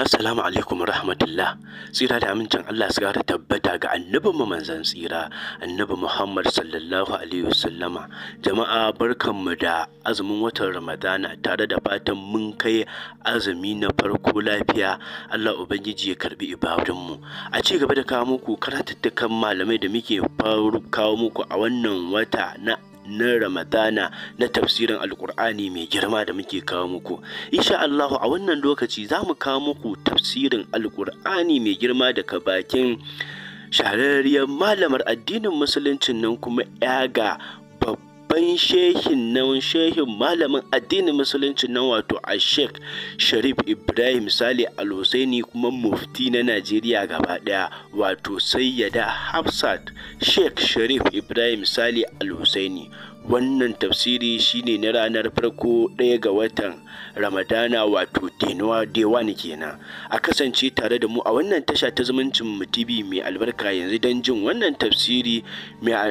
Assalamu alaikum rahmatullah. Tsira da amincin Allah su gara tabbata ga annabin mu manzan tsira, annabi Muhammad sallallahu alaihi wasallama. Jama'a barkanmu da azumin watan Ramadana tare da fatan mun kai azumi na farko lafiya. Allah ubangiji ya karbi ibadun mu. A ci gaba da kawo muku karatattakan malamai da muke faru kawo muku a wannan wata na na ramadana na tafsirin Alƙur'ani mai girma da muke kawo muku insha Allahu a wannan lokaci za mu kawo muku tafsirin alkur'ani mai girma daga bakin shahararriyar malamar addinin musuluncin nan kuma ya babban shehin nan shehin malamin addinin musulunci na wato a sheikh sharif ibrahim sale alhussaini kuma mufti na najeriya gaba daya wato sayyada hafsat sheikh sharif ibrahim sale alhussaini wannan tafsiri shine na ranar farko ɗaya ga watan ramadana wato denuwa dewan kenan a kasance tare da mu a wannan tasha ta zumuncin mu tv mai albarka yanzu don jin wannan tafsiri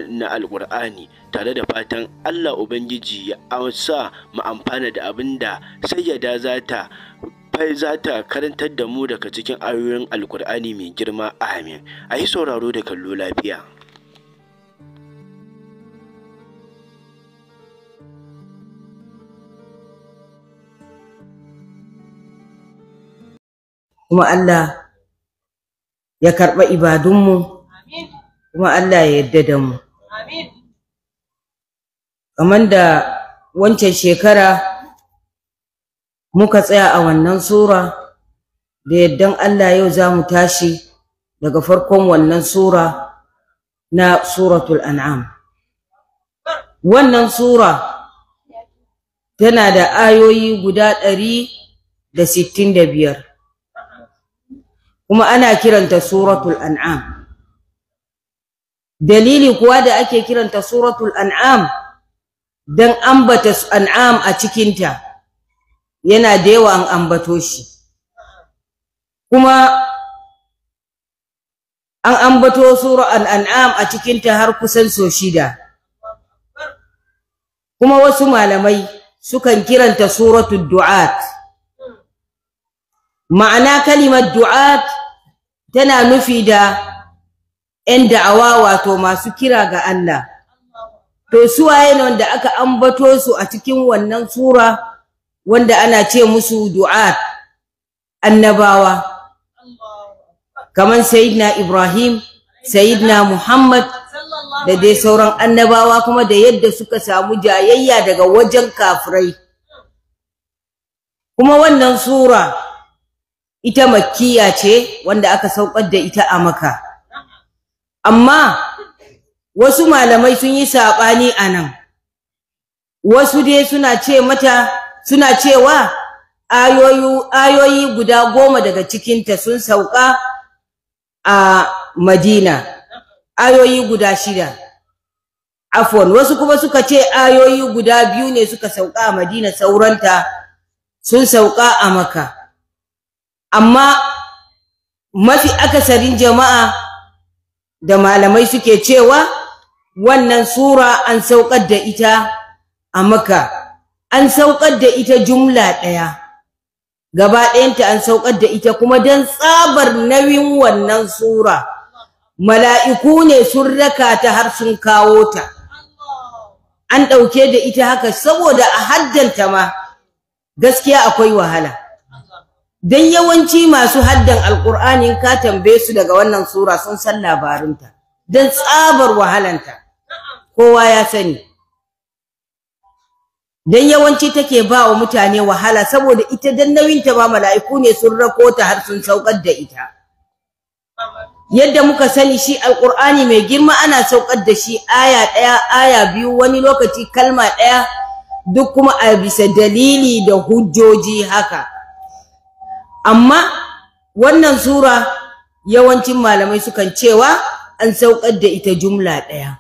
na alkur'ani tare da fatan allah ubangiji ya sa mu amfana da abin da sayyada za ta fai za ta karantar da mu daga cikin ayoyin alkur'ani mai girma amin a yi sauraro da kallo lafiya kuma Allah ya karɓa ibadunmu kuma Allah ya yarda da mu kamar da wancan shekara muka tsaya a wannan sura da yardan Allah yau za mu tashi daga farkon wannan sura na suratul an'am wannan sura tana da ayoyi guda ɗari da sittin da biyar kuma ana kiranta suratul an'am dalili kuwa da ake kiranta suratul an'am dan ambata an'am a cikinta yana da yawa an ambato shi kuma an ambato sura an'am a cikinta har kusan so shida kuma wasu malamai sukan kiranta suratul du'at ma'ana kalimar du'at tana nufi da 'yan da'awa wato masu kira ga Allah to waye ne wanda aka ambato su a cikin wannan sura wanda ana ce musu du'at annabawa kamar sayyidina Ibrahim sayyidina Muhammad da dai sauran annabawa kuma da yadda suka samu jayayya daga wajen kafirai kuma wannan sura ita makkiya ce wanda aka saukar da ita a maka amma wasu malamai sun yi saɓani a nan wasu dai suna ce mata suna cewa ayoyi ayoyi guda goma daga cikinta sun sauka a madina ayoyi guda shida afon wasu kuma suka ce ayoyi guda biyu ne suka sauka a madina sauranta sun sauka a maka amma mafi akasarin jama'a da malamai suke cewa wannan sura an sauƙar da ita a maka an saukar da ita jumla ɗaya gaba ɗayanta an saukar da ita kuma don tsabar nauyin wannan sura mala'iku ne sun raka ta har sun kawo ta an ɗauke da ita haka saboda a haddanta ma gaskiya akwai wahala dan yawanci masu haddan alqur'ani ka tambaye su daga wannan sura sun san labarinta dan tsabar wahalanta kowa ya sani dan yawanci take ba wa mutane wahala saboda ita dan ta ba mala'iku ne sun rako ta har sun saukar da ita yadda muka sani shi alqur'ani mai girma ana saukar da shi aya daya aya biyu wani lokaci kalma daya duk kuma a bisa dalili da hujjoji haka amma wannan sura yawancin malamai sukan cewa an saukar da ita jumla ɗaya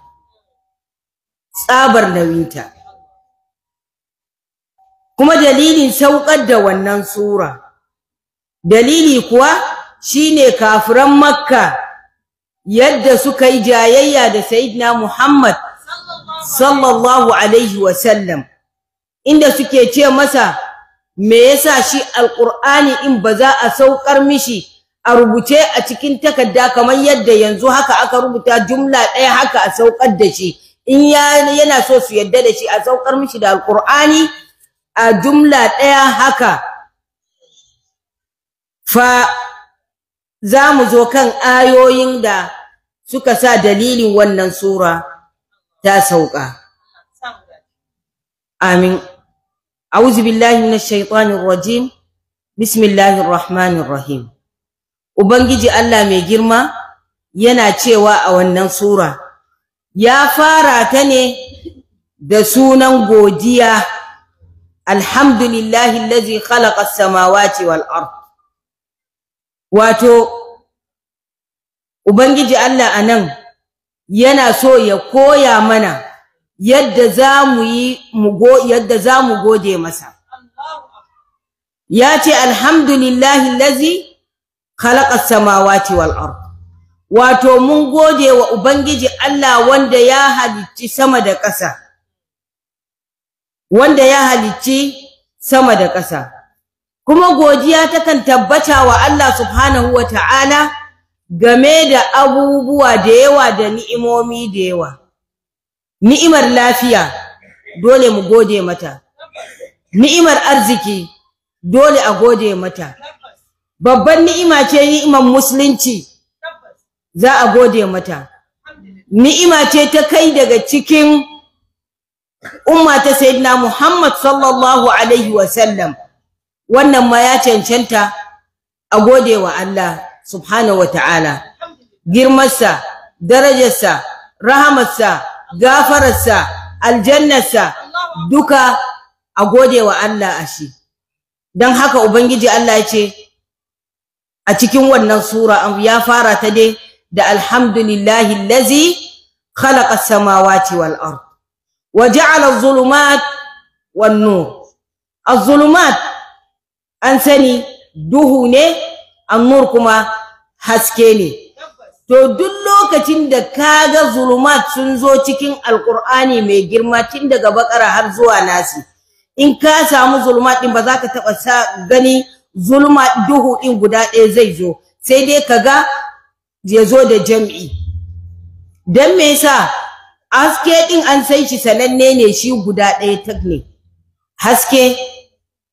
tsabar nauyinta kuma dalilin saukar da wannan sura dalili kuwa shine kafiran makka yadda suka yi jayayya da sayyidina muhammad sallallahu alaihi wasallam inda suke ce masa me yasa shi alqur'ani in ba za a saukar mishi a rubuce a cikin takarda kamar yadda yanzu haka aka rubuta jumla ɗaya haka a saukar da shi in yana so su yadda da shi a saukar mishi da alqur'ani a jumla ɗaya haka fa za mu zo kan ayoyin da suka sa dalilin wannan sura ta sauka amin أعوذ بالله من الشيطان الرجيم Ubangiji Allah mai girma yana cewa a wannan sura ya fara ta ne da sunan godiya Alhamdu lillahi khalaqa khalaƙa samawati wal ard wato Ubangiji Allah anan yana so ya koya mana yadda za mu yi yadda za mu gode masa ya ce alhamdulillahi lazi khalaqa samawati wal ard wato mun gode wa ubangiji Allah wanda ya halicci sama da ƙasa wanda ya halicci sama da ƙasa kuma godiya takan tabbata wa Allah subhanahu wa ta'ala game da abubuwa da yawa da ni'imomi da yawa ni'imar lafiya dole mu gode mata ni'imar arziki dole a gode mata babban ni'ima ce ni'imar musulunci za a gode mata ni'ima ce ta kai daga cikin umma ta sayyidina Muhammad sallallahu alaihi wa sallam wannan ma ya cancanta a gode wa Allah subhanahu wa ta'ala girmarsa darajarsa rahamarsa gafararsa aljannarsa duka a gode wa Allah a shi don haka ubangiji Allah ya ce a cikin wannan sura ya fara ta dai da alhamdulillahi lazi khalaqa samawati wal ard wa ja'ala adh-dhulumat wan nur adh-dhulumat an sani duhu ne an nur kuma haske ne to duk lokacin da ka ga zulumat sun zo cikin alqur'ani mai girma tun daga bakara har zuwa nasi in ka samu zulumat din ba za ka taba gani zulma duhu din guda ɗaya zai zo sai dai kaga ya zo da jam'i dan me yasa haske ɗin an san shi sananne ne shi guda ɗaya tak ne haske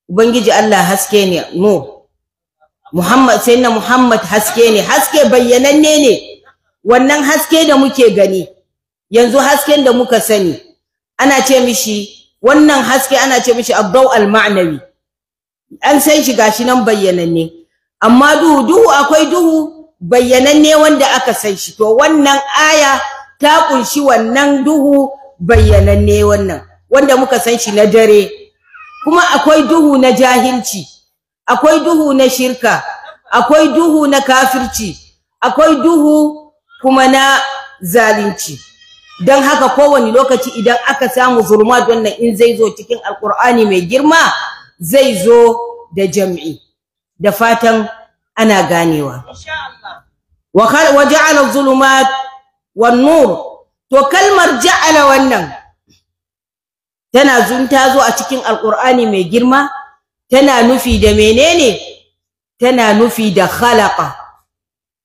ubangiji Allah haske ne no Muhammad sayyidina Muhammad haske ne haske bayyananne ne wannan haske da muke gani yanzu hasken da muka sani ana ce mishi wannan haske ana ce mishi abdau al-ma'nawi an san shi gashi nan bayyananne amma duhu duhu akwai duhu bayyananne wanda aka san shi to wannan aya ta kunshi wannan duhu bayyananne wannan wanda muka san shi na dare kuma akwai duhu na jahilci akwai duhu na shirka akwai duhu na kafirci akwai duhu kuma na zalunci don haka kowane lokaci idan aka samu zulma wannan in zai zo cikin alkur'ani mai girma zai zo da jam'i da fatan ana ganewa wa ja'ala zulumat wan nur to kalmar ja'ala wannan tana ta zo a cikin alkur'ani mai girma tana nufi da menene tana nufi da khalaqa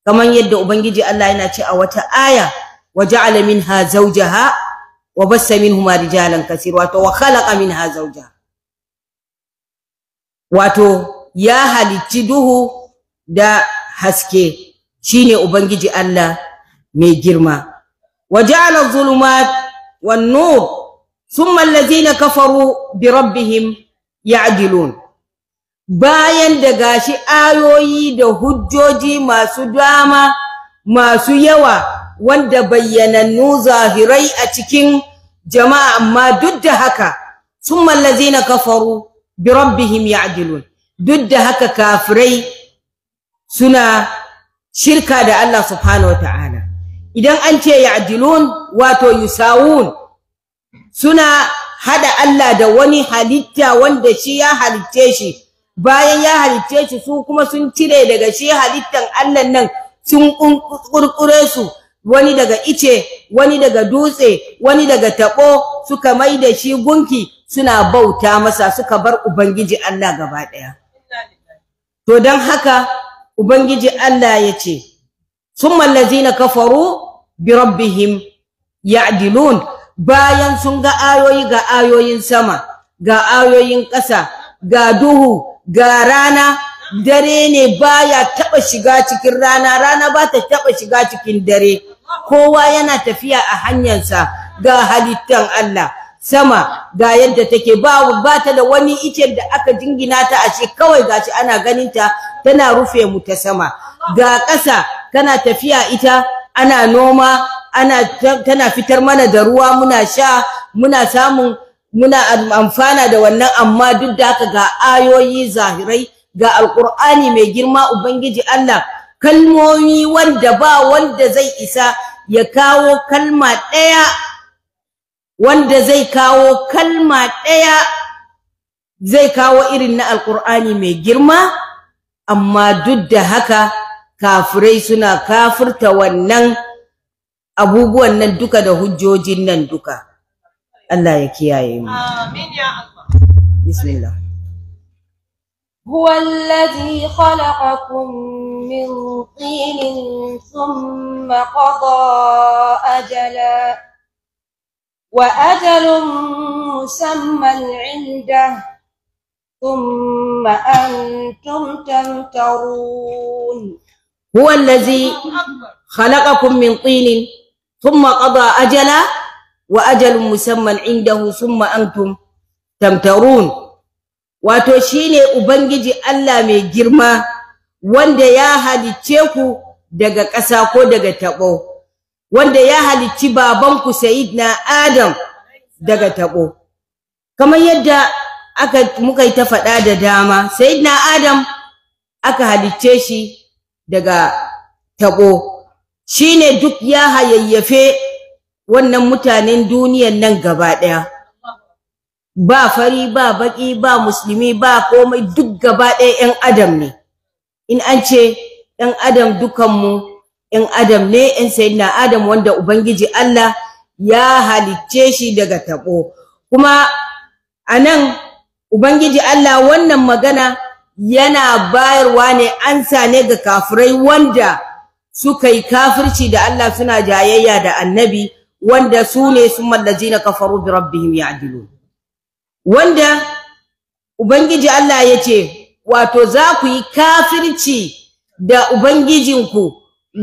kamar yadda ubangiji Allah yana ce a wata aya waja'ala minha zawjaha wa bassa minhuma rijalan kaseer wato wa khalaqa minha zawjaha wato ya halicci duhu da haske shine ubangiji Allah mai girma waja'ala adh-dhulumat wan-nur thumma allazina kafaru bi rabbihim ya'dilun bayan da gashi ayoyi da hujjoji masu dama masu yawa wanda bayyanannu zahirai a cikin jama'a amma duk da haka summa allazina kafaru bi rabbihim ya'dilun duk da haka kafirai suna shirka da Allah subhanahu wataala idan an ce ya'dilun wato yusawun suna hada Allah da wani halitta wanda shi ya halitte shi bayan ya halicce shi su kuma sun cire daga shi halittan Allah nan sun kurkure su wani daga ice wani daga dutse wani daga tabo suka mai da shi gunki suna bauta masa suka bar ubangiji Allah gaba daya to dan haka ubangiji Allah yace summal ladzina kafaru bi rabbihim ya'dilun bayan sun ga ayoyi ga ayoyin sama ga ayoyin ƙasa ga duhu ga rana dare ne baya taba shiga cikin rana rana ba ta taba shiga cikin dare kowa yana tafiya a hanyarsa ga halittan Allah sama ga yadda take ba ba ta da wani icen da aka jingina ta a ce kawai gashi ana ganin ta tana rufe mu ta sama ga ƙasa kana tafiya ita ana noma ana tana fitar mana da ruwa muna sha muna samun muna amfana da wannan amma duk da haka ga ayoyi zahirai ga alkur'ani mai girma ubangiji Allah kalmomi wanda ba wanda zai isa ya kawo kalma ɗaya wanda zai kawo kalma ɗaya zai kawo irin na alkur'ani mai girma amma duk da haka kafirai suna kafirta wannan abubuwan nan duka da hujjojin nan duka الله يكياي امين يا الله بسم الله هو الذي خلقكم من طين ثم قضى أجلا وأجل مسمى عنده ثم أنتم تمترون هو الذي خلقكم من طين ثم قضى أجلا wa ajalun musamman inda summa antum tamtarun wato shine ubangiji Allah mai girma wanda ya halicce ku daga ƙasa ko daga taɓo wanda ya halicci babanku na Adam daga taɓo kamar yadda aka muka yi ta faɗa da dama na Adam aka halicce shi daga taɓo shine duk ya hayayyafe wannan mutanen duniyan nan gaba ɗaya ba fari ba baki ba musulmi ba komai duk gaba ɗaya yan adam ne in an ce yan adam dukanmu yan adam ne yan sayyidina adam wanda ubangiji Allah ya halicce shi daga taɓo kuma a nan ubangiji Allah wannan magana yana bayarwa ne ansa ne ga kafirai wanda suka yi kafirci da Allah suna jayayya da annabi wanda su ne summa na kafaru bi rabbihim adilu wanda ubangiji Allah ya ce wato za ku yi kafirci da ubangijinku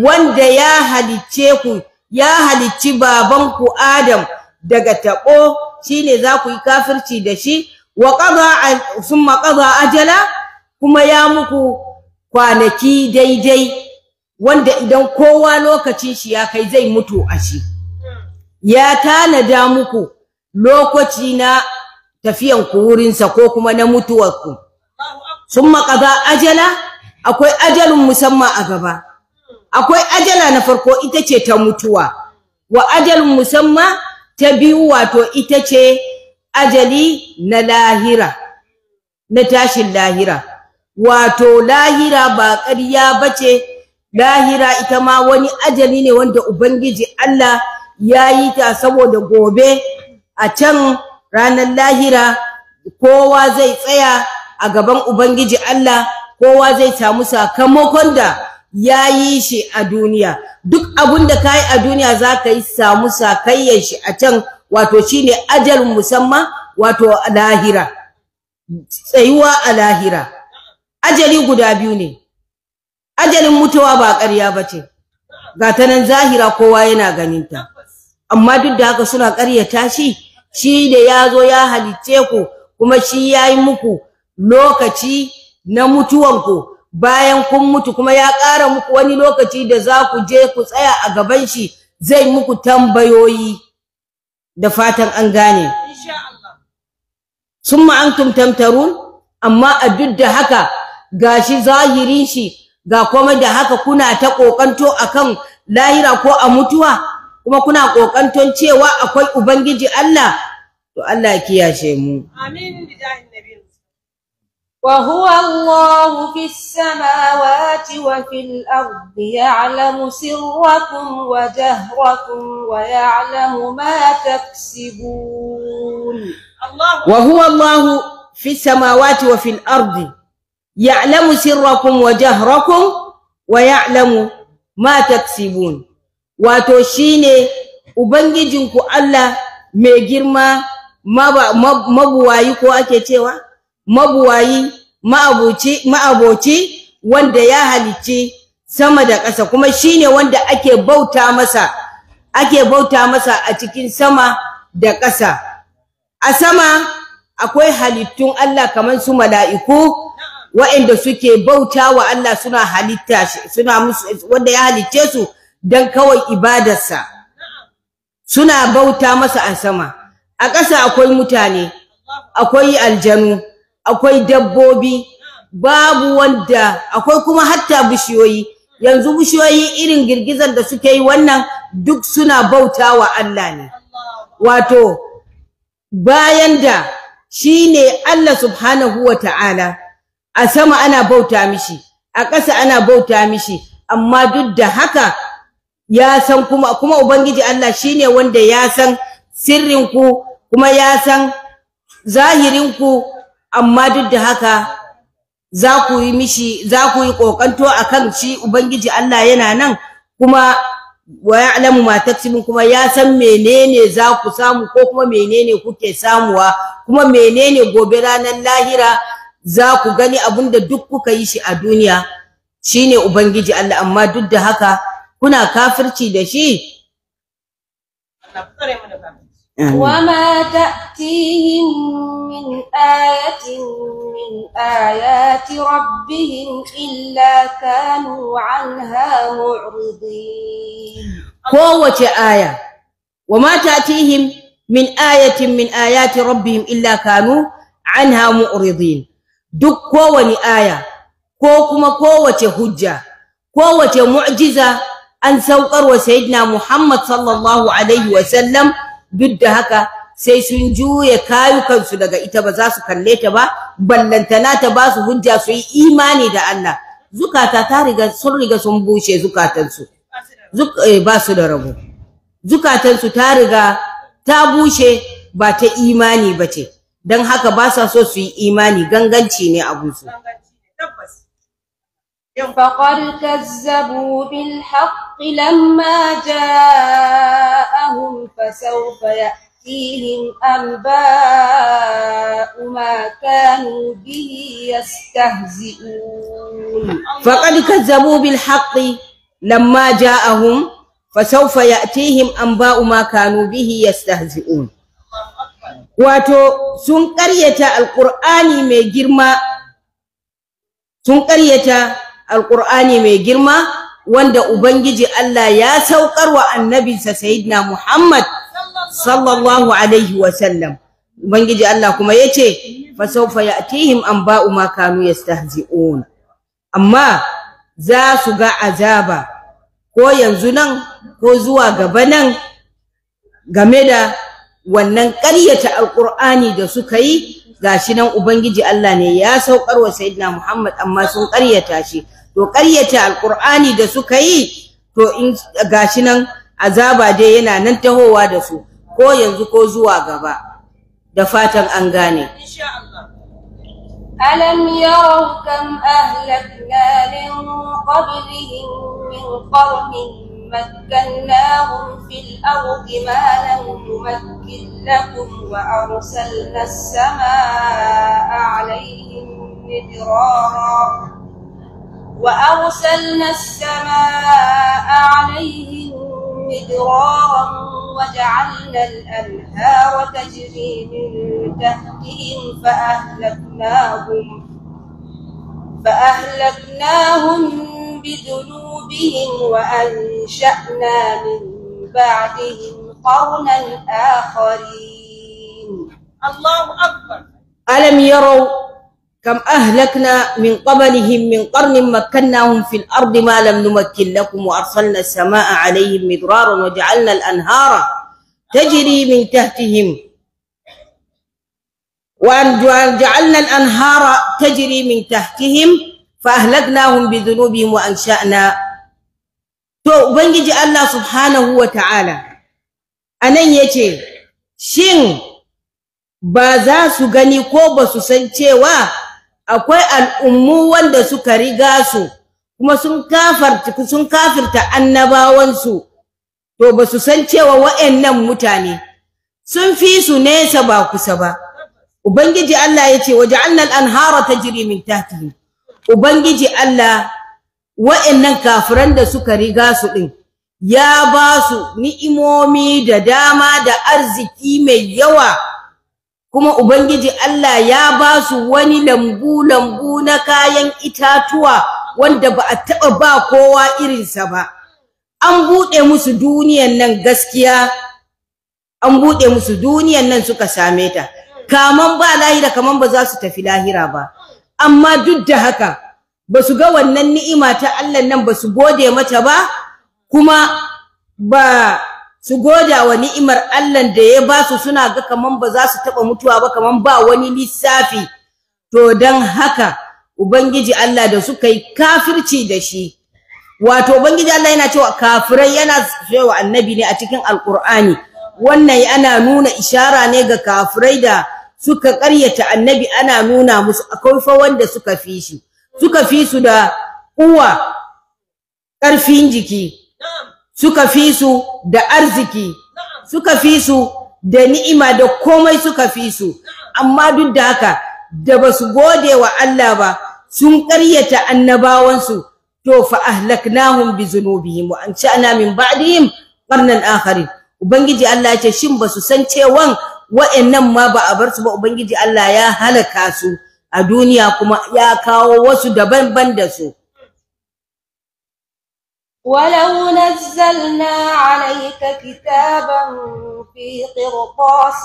wanda ya halicce ku ya halicci babanku Adam daga taɓo shine za ku yi kafirci da shi wa qada summa ajala kuma ya muku kwanaki daidai wanda idan kowa lokacin shi ya kai zai mutu a shi ya tanada muku lokaci na tafiyan ku wurinsa ko kuma na mutuwar ku summa qada ajala akwai ajalin musamman a gaba akwai ajala na farko ita ce ta mutuwa wa ajalun musamman ta biyu wato ita ce ajali na lahira na tashin lahira wato lahira ba ƙarya bace lahira ita ma wani ajali ne wanda ubangiji Allah ya yi ta saboda gobe a can ranar lahira kowa zai tsaya a gaban ubangiji Allah kowa zai samu sakamakon da ya yi shi a duniya duk abin da ka yi a duniya za ka yi samu sakayyar shi a can wato shi ne, ajal musamman wato lahira tsayuwa a lahira ajali guda biyu ne ajalin mutuwa ba ƙarya ba ce ga ta nan zahira kowa yana ganinta amma duk da haka suna ƙaryata shi shi da ya zo ya halicce ku kuma shi ya yi muku lokaci na mutuwanku bayan kun mutu kuma ya ƙara muku wani lokaci da za ku je ku tsaya a gaban shi zai muku tambayoyi da fatan an gane Sun ma an tamtarun amma a duk da haka gashi zahirin shi ga kuma da haka kuna ta ƙoƙanto a kan lahira ko a mutuwa kuma kuna kokanton cewa akwai ubangiji Allah to Allah kiyace mu amin bijahin nabiy وهو الله في السماوات وفي الأرض يعلم سركم وجهركم ويعلم ما تكسبون الله وهو الله في السماوات وفي الأرض يعلم سركم وجهركم ويعلم ما تكسبون wato shine ku Allah mai girma mabuwayi ko ake cewa mabuwayi ma'aboci maaboci wanda ya halicci sama da ƙasa kuma shine wanda ake bauta masa ake bauta masa a cikin sama da ƙasa a sama akwai halittun Allah kamar su mala'iku waɗanda suke bauta wa Allah suna halitta suna wanda ya halicce su dan kawai ibadarsa suna bauta masa a sama a ƙasa akwai mutane akwai aljanu akwai dabbobi babu wanda akwai kuma hatta bishiyoyi yanzu bishiyoyi irin girgizar da suke yi wannan duk suna bauta wa Allah ne wato bayan da shi ne Allah subhanahu wa ta'ala a sama ana bauta mishi a ƙasa ana bauta mishi amma duk da haka ya san kuma kuma ubangiji Allah shine wanda ya san sirrin ku kuma ya san zahirin ku amma duk da haka za ku yi mishi za ku yi kokanto akan shi ubangiji Allah yana nan kuma wa ya'lamu ma taksibun kuma ya san menene za ku samu ko kuma menene kuke samuwa kuma menene gobe ranar lahira za ku gani abinda duk kuka yi shi a duniya shine ubangiji Allah amma duk da haka kuna kafirci dashi? shi wama ta'tihim min ayatin min ayati rabbihim illa kanu anha mu'ridin kowace aya wama ta'tihim min ayatin min ayati rabbihim illa kanu anha mu'ridin duk kowani aya ko kuma kowace hujja kowace mu'jiza an saukar wa sayyidina Muhammad sallallahu alaihi wa sallam duk da haka sai sun juye kayukansu daga ita ba za su kalle ta ba ballantana ta ba su hujja su yi imani da Allah zukata ta riga sun riga sun bushe zukatansu zuk eh, ba su da rabo zukatansu ta riga ta bushe ba ta imani bace, ce don haka ba sa so su yi imani ganganci ne a gusu. فقد كذبوا بالحق لما جاءهم فسوف يأتيهم أنباء ما كانوا به يستهزئون فقد كذبوا بالحق لما جاءهم فسوف يأتيهم أنباء ما كانوا به يستهزئون واتو سنقرية القرآن ما جرما سنقرية sun alqur'ani mai girma wanda ubangiji Allah ya saukar wa annabinsa sayyidina Muhammad sallallahu alaihi wa sallam ubangiji Allah kuma yace fa sawfa ya'tihim anba'u ma kanu yastahzi'un amma za su ga azaba ko yanzu nan ko zuwa gaba nan game da wannan ƙaryata alƙur'ani da suka yi gashi nan ubangiji Allah ne ya saukar wa sayyidina Muhammad amma sun ƙaryata shi to ƙaryata alƙur'ani da suka yi to in gashi nan azaba dai yana nan tahowa da su ko yanzu ko zuwa gaba da fatan an gane ألم يروا كم أهلكنا من قبلهم من قرن مكناهم في الأرض ما لم نمكن لكم وأرسلنا السماء عليهم مدرارا وأرسلنا السماء عليهم مدرارا وجعلنا الأنهار تجري من تحتهم فأهلكناهم فأهلكناهم بذنوبهم وأنشأنا من بعدهم قرنا آخرين الله أكبر ألم يروا كم أهلكنا من قبلهم من قرن مكناهم في الأرض ما لم نمكن لكم وأرسلنا السماء عليهم مدرارا وجعلنا الأنهار تجري من تحتهم وجعلنا الأنهار تجري من تحتهم فأهلكناهم بذنوبهم وأنشأنا تو بنجي الله سبحانه وتعالى أنا يجي شين بازا za كوبا gani akwai al'ummu wanda suka riga su kuma sun kafarta sun kafirta annabawansu to ba su san cewa wa'annan mutane sun fi su nesa ba kusa ba ubangiji Allah ya ce waja'alna al-anhara tajri min tahtihim ubangiji Allah wa'annan kafiran da suka riga su din ya ba su ni'imomi da dama da arziki mai yawa kuma ubangiji Allah ya ba su wani lambu lambu na kayan itatuwa wanda ba a taba ba kowa irinsa ba an bude musu duniyan nan gaskiya an bude musu duniyan nan suka same ta kaman ba lahira kaman ba za su tafi lahira ba amma duk da haka ba su ga wannan ni'ima ta Allah nan ba su gode mata ba kuma ba su goda wa ni'imar Allah da ya ba su suna ga kaman ba za su taba mutuwa ba kaman ba wani lissafi to dan haka ubangiji Allah da suka yi kafirci da shi wato ubangiji Allah yana cewa kafirai yana cewa annabi ne a cikin alqur'ani wannan ana nuna ishara ne ga kafirai da suka ƙaryata annabi ana nuna musu akwai fa wanda suka fi shi suka fi su da uwa ƙarfin jiki suka fi su da arziki suka fi su da ni'ima da komai suka fi su amma duk da haka da ba su gode wa Allah ba sun ƙaryata annabawansu to fa ahlaknahum bi zunubihim wa ansha'na min ba'dihim qarnan akharin ubangiji Allah ya ce shin ba su san cewan wa'annan ma ba a bar su ba ubangiji Allah ya halaka su a duniya kuma ya kawo wasu daban-ban da su ولو نزلنا عليك كتابا في قرطاس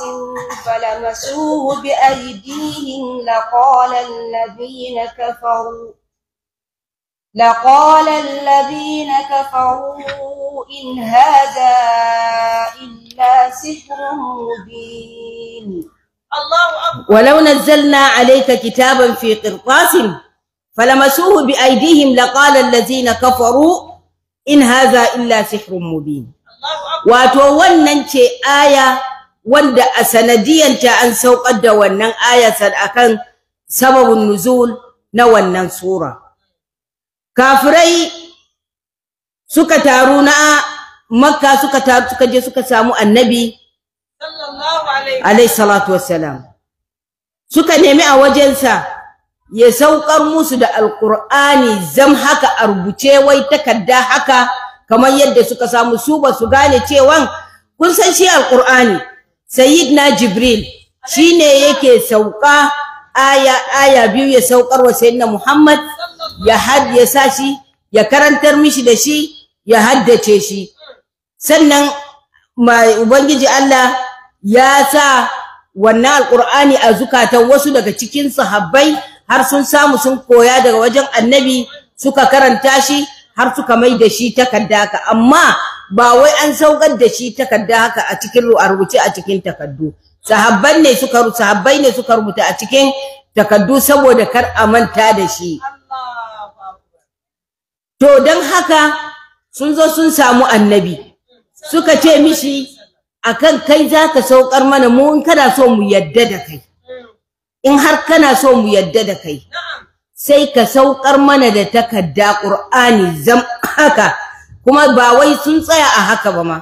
فلمسوه بأيديهم لقال الذين كفروا لقال الذين كفروا إن هذا إلا سحر مبين الله أكبر ولو نزلنا عليك كتابا في قرطاس فلمسوه بأيديهم لقال الذين كفروا in haza illa sihrun mubin wato wannan ce aya wanda a sanadiyanta an saukar da wannan aya akan sababin nuzul na wannan sura kafirai suka taru na makka suka taru suka je suka samu annabi sallallahu alaihi salatu wassalam suka nemi a wajensa ya saukar musu da alkur'ani zam haka a rubuce wai takarda haka kamar yadda suka samu su ba su gane cewan kun san shi alkur'ani Sayyidna jibril shine yake sauka aya aya biyu ya saukar wa sayyidina muhammad ya had ya shi ya karantar mishi da shi ya haddace shi sannan mai ubangiji Allah ya sa wannan alkur'ani a zukatan wasu daga cikin sahabbai har sun samu sun koya daga wajen annabi suka karanta shi har suka mai da shi takarda haka amma ba wai an saukar da shi takarda haka a cikin a rubuce a cikin takardu sahabban ne suka sahabbai ne suka rubuta a cikin takardu saboda kar a manta da shi to don haka sun zo sun samu annabi suka ce mishi akan kai zaka saukar mana mu in kana so mu yadda da kai in har kana so mu yadda da kai sai ka saukar mana da takarda Qur'ani zam haka kuma ba wai sun tsaya a haka ba ma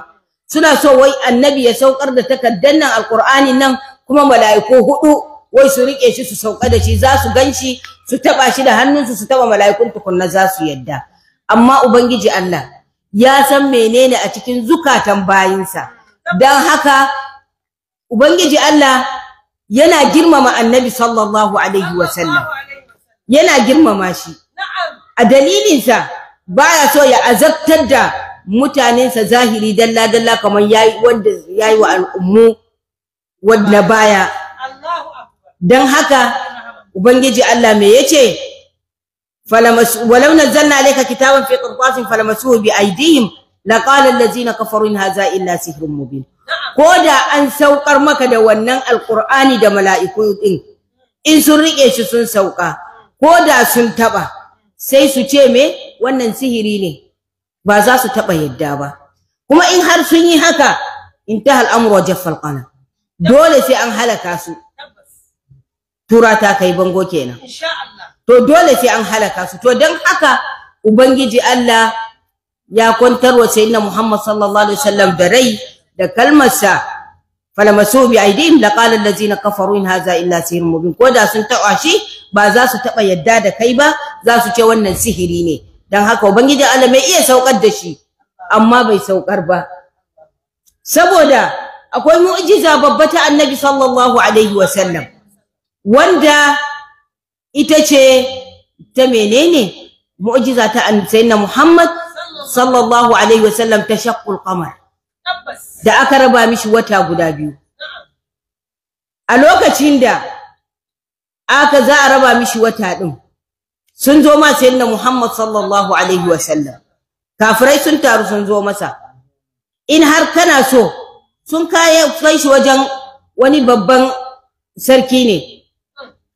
suna so wai annabi ya saukar da takaddan nan alqur'ani nan kuma mala'iku hudu wai su rike shi su sauka da shi za su ganshi su taba shi da hannunsu su taba mala'ikun tukunna za su yadda amma ubangiji Allah ya san menene a cikin zukatan bayinsa dan haka ubangiji Allah yana girmama annabi sallallahu alaihi wasallam yana girmama shi a dalilinsa baya so ya azabtar da mutanensa zahiri dalla dalla kamar yayi wanda yayi wa al'ummu wanda baya dan haka ubangiji Allah me yace falamsu walau nazzalna alayka kitaban fi qirtasin falamsuhu bi aydihim laqala allazina kafaru in hadha illa sihrun mubin ko da an saukar maka da wannan Alƙur'ani da mala'iku din in sun rike shi sun sauka ko da sun taba sai su ce me wannan sihiri ne ba za su taba yadda ba kuma in har sun yi haka intaha al'amru wa jaffal dole sai an halaka su tura ta kai bango kenan to dole sai an halaka su to dan haka ubangiji Allah ya kwantar wa sayyidina Muhammad sallallahu alaihi wasallam da rai da kalmarsa falamasu bi aidihim laqala allazina kafaru in haza illa sihrun mubin ko da sun taba shi ba za su taɓa yadda da kai ba za su ce wannan sihiri ne dan haka ubangiji Allah mai iya saukar da shi amma bai saukar ba saboda akwai mu'jiza babba ta annabi sallallahu alaihi sallam, wanda ita ce ta menene mu'jiza ta sayyidina Muhammad sallallahu alaihi sallam, tashaqqul qamar da aka raba mishi wata guda biyu a lokacin da aka za a raba mishi wata din sun zo ma sayyidina Muhammad sallallahu alaihi wa sallam kafirai sun taru sun zo masa in har kana so sun kaye kai shi wajen wani babban sarki ne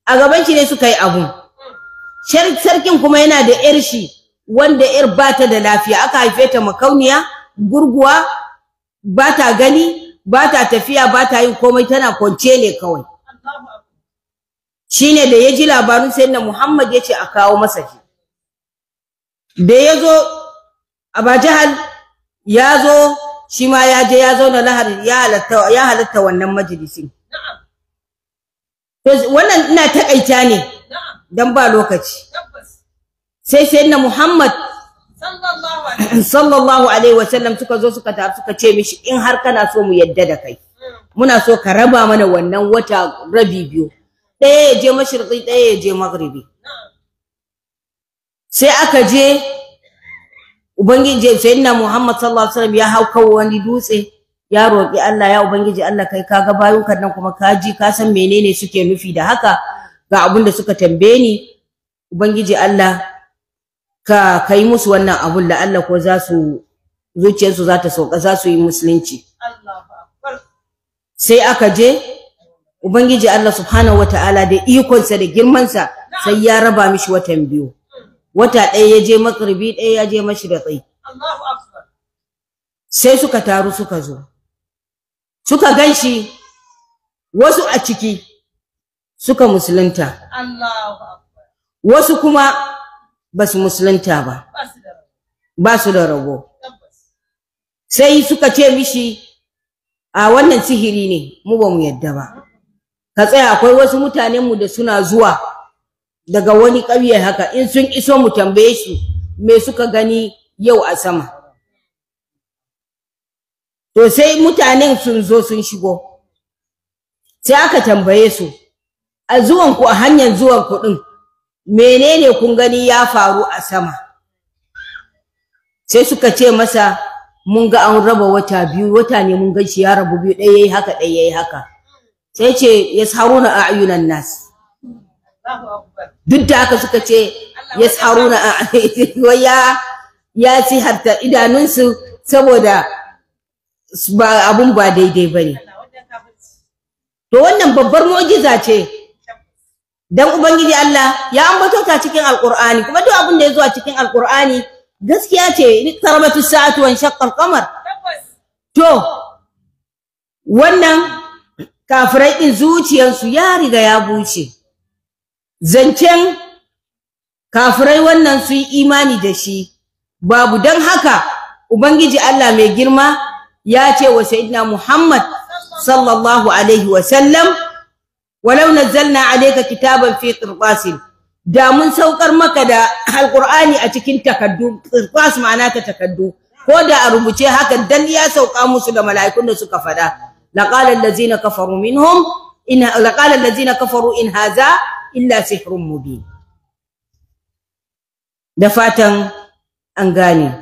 a gaban shi ne suka yi abu sarkin kuma yana da yar shi wanda yar bata da lafiya aka haife ta makauniya gurguwa ba ta gani ba ta tafiya ba ta yin komai tana kwance ne kawai shine da ya ji labarin saina Muhammad ya ce a kawo masa shi da ya zo ba Jahal ya zo shi ma ya je ya zauna lahar ya halatta wannan majalisin to wannan ina taƙaita ne dan ba lokaci sai na Muhammad sallallahu alaihi wasallam suka zo suka tafi suka ce mishi in har kana so mu yadda da kai muna so ka raba mana wannan wata rabi biyu ɗaya ya je mashirƙi ɗaya ya je maghribi sai aka je ubangiji sayyidina muhammad sallallahu alaihi wasallam ya hau kawo wani dutse ya roƙi Allah ya ubangiji Allah kai ka ga bayukan nan kuma ka ji ka san menene suke nufi da haka ga abin da suka tambaye ni ubangiji Allah ka kai musu wannan abun da Allah ko za su zuciyarsu za ta sauka za su yi musulunci sai aka je ubangiji Allah subhanahu wataala da ikonsa da girmansa sai ya raba mishi watan biyu wata ɗaya ya je makarbi ɗaya ya je mashi da sai suka taru suka zo suka gan shi wasu a ciki suka musulunta wasu kuma Basu musulunta ba basu da rabo sai suka ce mishi a wannan sihiri ne mu ba mu yadda ba ka tsaya akwai wasu mutanen mu da suna zuwa daga wani ƙauye haka in sun iso mu tambaye su me suka gani yau a sama to sai mutanen sun zo sun shigo sai aka tambaye su a zuwanku a hanyar zuwanku ɗin menene kun gani ya faru a sama sai suka ce masa mun ga an raba wata biyu wata ne mun ga shi ya rabu biyu ɗaya yayi haka ɗaya yayi haka sai ce ya yasharuna a'yunan nas duk da haka suka ce yasharuna ya ya ci harta idanunsu saboda abun ba daidai bane to wannan babbar mu'jiza ce dan ubangiji Allah ya ambato ta cikin alqur'ani kuma duk abin da ya zo a cikin alqur'ani gaskiya ce ni tarabatu sa'atu wa shaqqa al to wannan kafirai din zuciyarsu ya riga ya buce zancen kafirai wannan su yi imani da shi babu dan haka ubangiji Allah mai girma ya ce wa sayyidina Muhammad sallallahu alaihi wa sallam walau nazzalna alayka kitaban fi qirtasin da mun saukar maka da Alƙur'ani a cikin takaddu qirtas ma'ana ta takaddu ko da a rubuce haka dan ya sauka musu da mala'ikun da suka faɗa, laqala allazina kafaru minhum in laqala allazina haza illa sihrun mubin da fatan an gane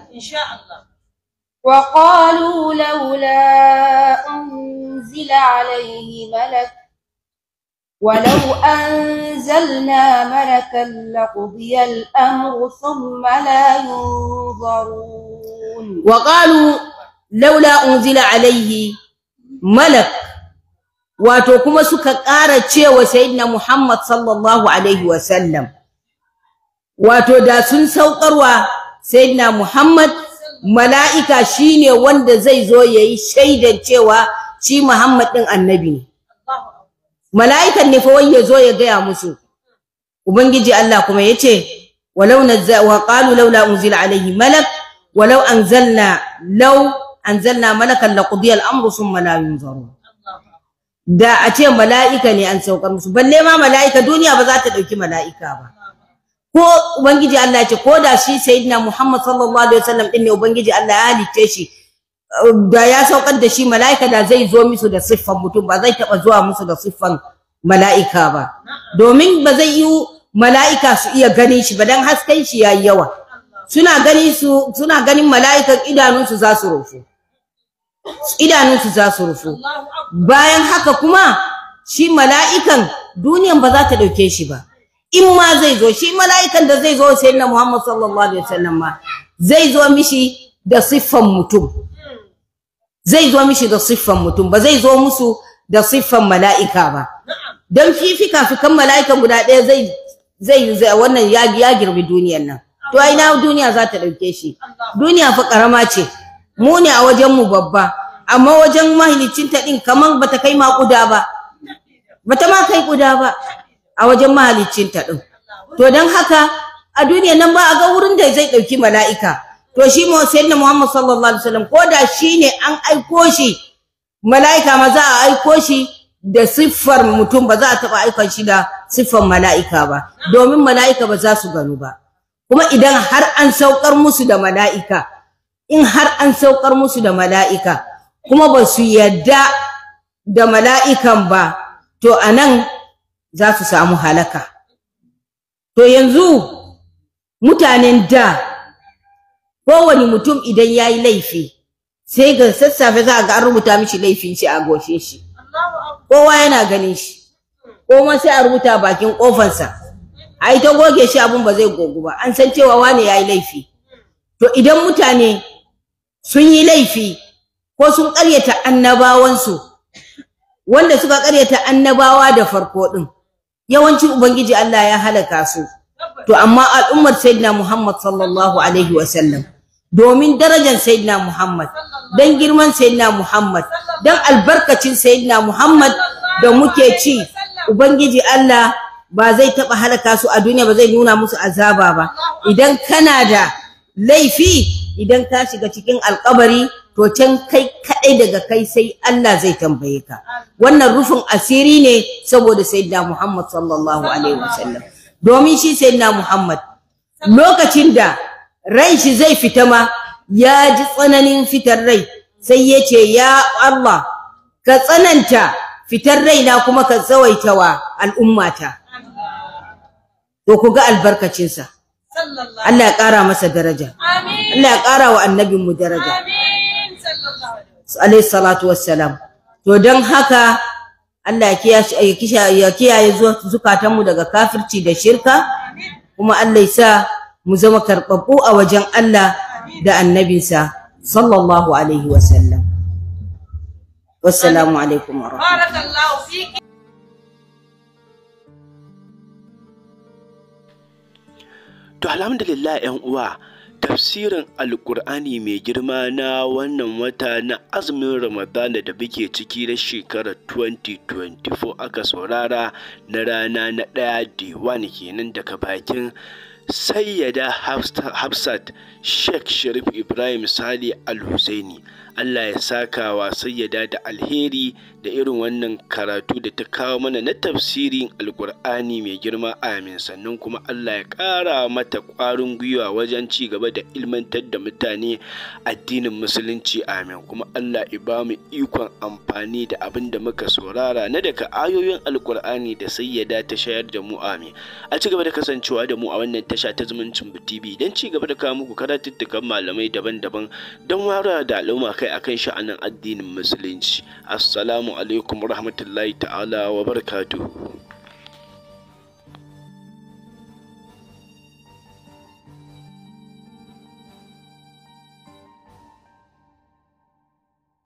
ولو أنزلنا ملكا لقضي الأمر ثم لا ينظرون وقالوا لولا أنزل عليه ملك wato kuma suka ƙara cewa sayyidina Muhammad sallallahu alaihi wasallam wato da sun saukarwa sayyidina Muhammad mala'ika shine wanda zai zo yayi shaidan cewa shi Muhammad ɗin annabi ne mala'ikan ne fa wai ya zo ya gaya musu ubangiji Allah kuma yace walau nazza wa qalu laula unzila alaihi malak walau anzalna law anzalna malakan laqudiya al-amru thumma la yunzaru da a ce mala'ika ne an saukar musu balle ma mala'ika duniya ba za ta dauki mala'ika ba ko ubangiji Allah ya ce ko da shi sayyidina Muhammad sallallahu alaihi wasallam din ne ubangiji Allah ya halicce shi da ya saukar da shi mala'ika da zai zo musu da siffan mutum ba zai taɓa zuwa musu da siffan mala'ika ba domin ba zai yi mala'ika su iya ganin shi ba dan hasken shi yayi yawa suna gani su suna ganin mala'ikan idanunsu za su rufu su za su rufu bayan haka kuma shi mala'ikan duniyan ba za ta ɗauke shi ba in ma zai zo shi mala'ikan da zai zo sai na Muhammad sallallahu alaihi wasallam ma zai zo mishi da siffan mutum zai zo mishi da siffan mutum ba zai zo musu da siffan mala'ika ba don fifika fikan mala'ika guda ɗaya zai zai wannan ya girbi duniyan nan to na, duniya za ta ɗauke shi duniya fa ƙarama ce mu ne a wajen mu babba amma wajen mahalicin ta ɗin kamar bata kai ma ƙuda ba bata ma kai ƙuda ba a wajen mahalicin ta ɗin to don haka a duniya nan ba a ga wurin da zai ɗauki mala'ika to shi mu sayyidina Muhammad sallallahu alaihi wasallam ko da shine an aiko shi mala'ika ma za a aiko shi da siffar mutum ba za a taba aika shi da siffar mala'ika ba domin mala'ika ba za su gano ba kuma idan har an saukar musu da mala'ika in har an saukar musu da mala'ika kuma ba su yadda da mala'ikan ba to anan za su samu halaka to yanzu mutanen da kowane mutum idan ya yi laifi sai ga sassafe za a ga an rubuta mishi laifin shi a goshin shi kowa yana ganin shi Koma sai a rubuta bakin kofansa a yi ta goge shi abun ba zai gogu ba an san cewa wane ya yi laifi to idan mutane sun yi laifi ko sun ƙaryata annabawansu wanda suka ƙaryata annabawa da farko ɗin yawancin ubangiji Allah ya halaka su to amma al'ummar sayyidina Muhammad sallallahu alaihi wasallam domin darajar sayyidina Muhammad dan girman sayyidina Muhammad dan albarkacin sayyidina Muhammad da muke ci ubangiji Allah ba zai taba halaka su a duniya ba zai nuna musu azaba ba idan kana da laifi idan ka shiga cikin alkabari to can kai kadai daga kai sai Allah zai tambaye ka wannan rufin asiri ne saboda sayyidina Muhammad sallallahu alaihi wasallam domin shi sayyidina Muhammad lokacin da Rai shi zai fita ma ya ji tsananin fitar rai sai ya ce ya Allah ka tsananta fitar raina kuma ka tsawaita wa al'ummata to ku ga albarkacinsa Allah ya ƙara masa daraja Allah ya ƙara wa annabinmu daraja alayhi salatu wassalam to don haka Allah ya kiyaye zukatanmu daga kafirci da shirka kuma Allah ya sa mu zama karɓaɓɓu a wajen Allah da annabinsa sallallahu alaihi wasallam wassalamu alaikum To alhamdulillah ‘yan uwa, tafsirin Alƙur'ani mai girma na wannan wata na azumin Ramadana da muke ciki na shekarar 2024 aka saurara na rana na ɗaya D1 kenan daga bakin sayyada hafsat sheikh sharif ibrahim sali al-husaini Allah ya saka wa sayyada da alheri da irin wannan karatu da ta kawo mana na tafsirin alkur'ani mai girma amin sannan kuma Allah ya kara mata kwarin gwiwa wajen ci gaba da ilmantar da mutane addinin musulunci amin kuma Allah ya ba mu ikon amfani da abin da muka saurara na daga ayoyin alkur'ani da sayyada ta shayar da mu amin a ci gaba da kasancewa da mu a wannan tasha ta zumuncin tv don ci gaba da kawo muku karatuttukan malamai daban-daban don wara da al'umma kai a akan sha'anin addinin musulunci assalamu alaikum rahmatullahi ta'ala wa barakatuhu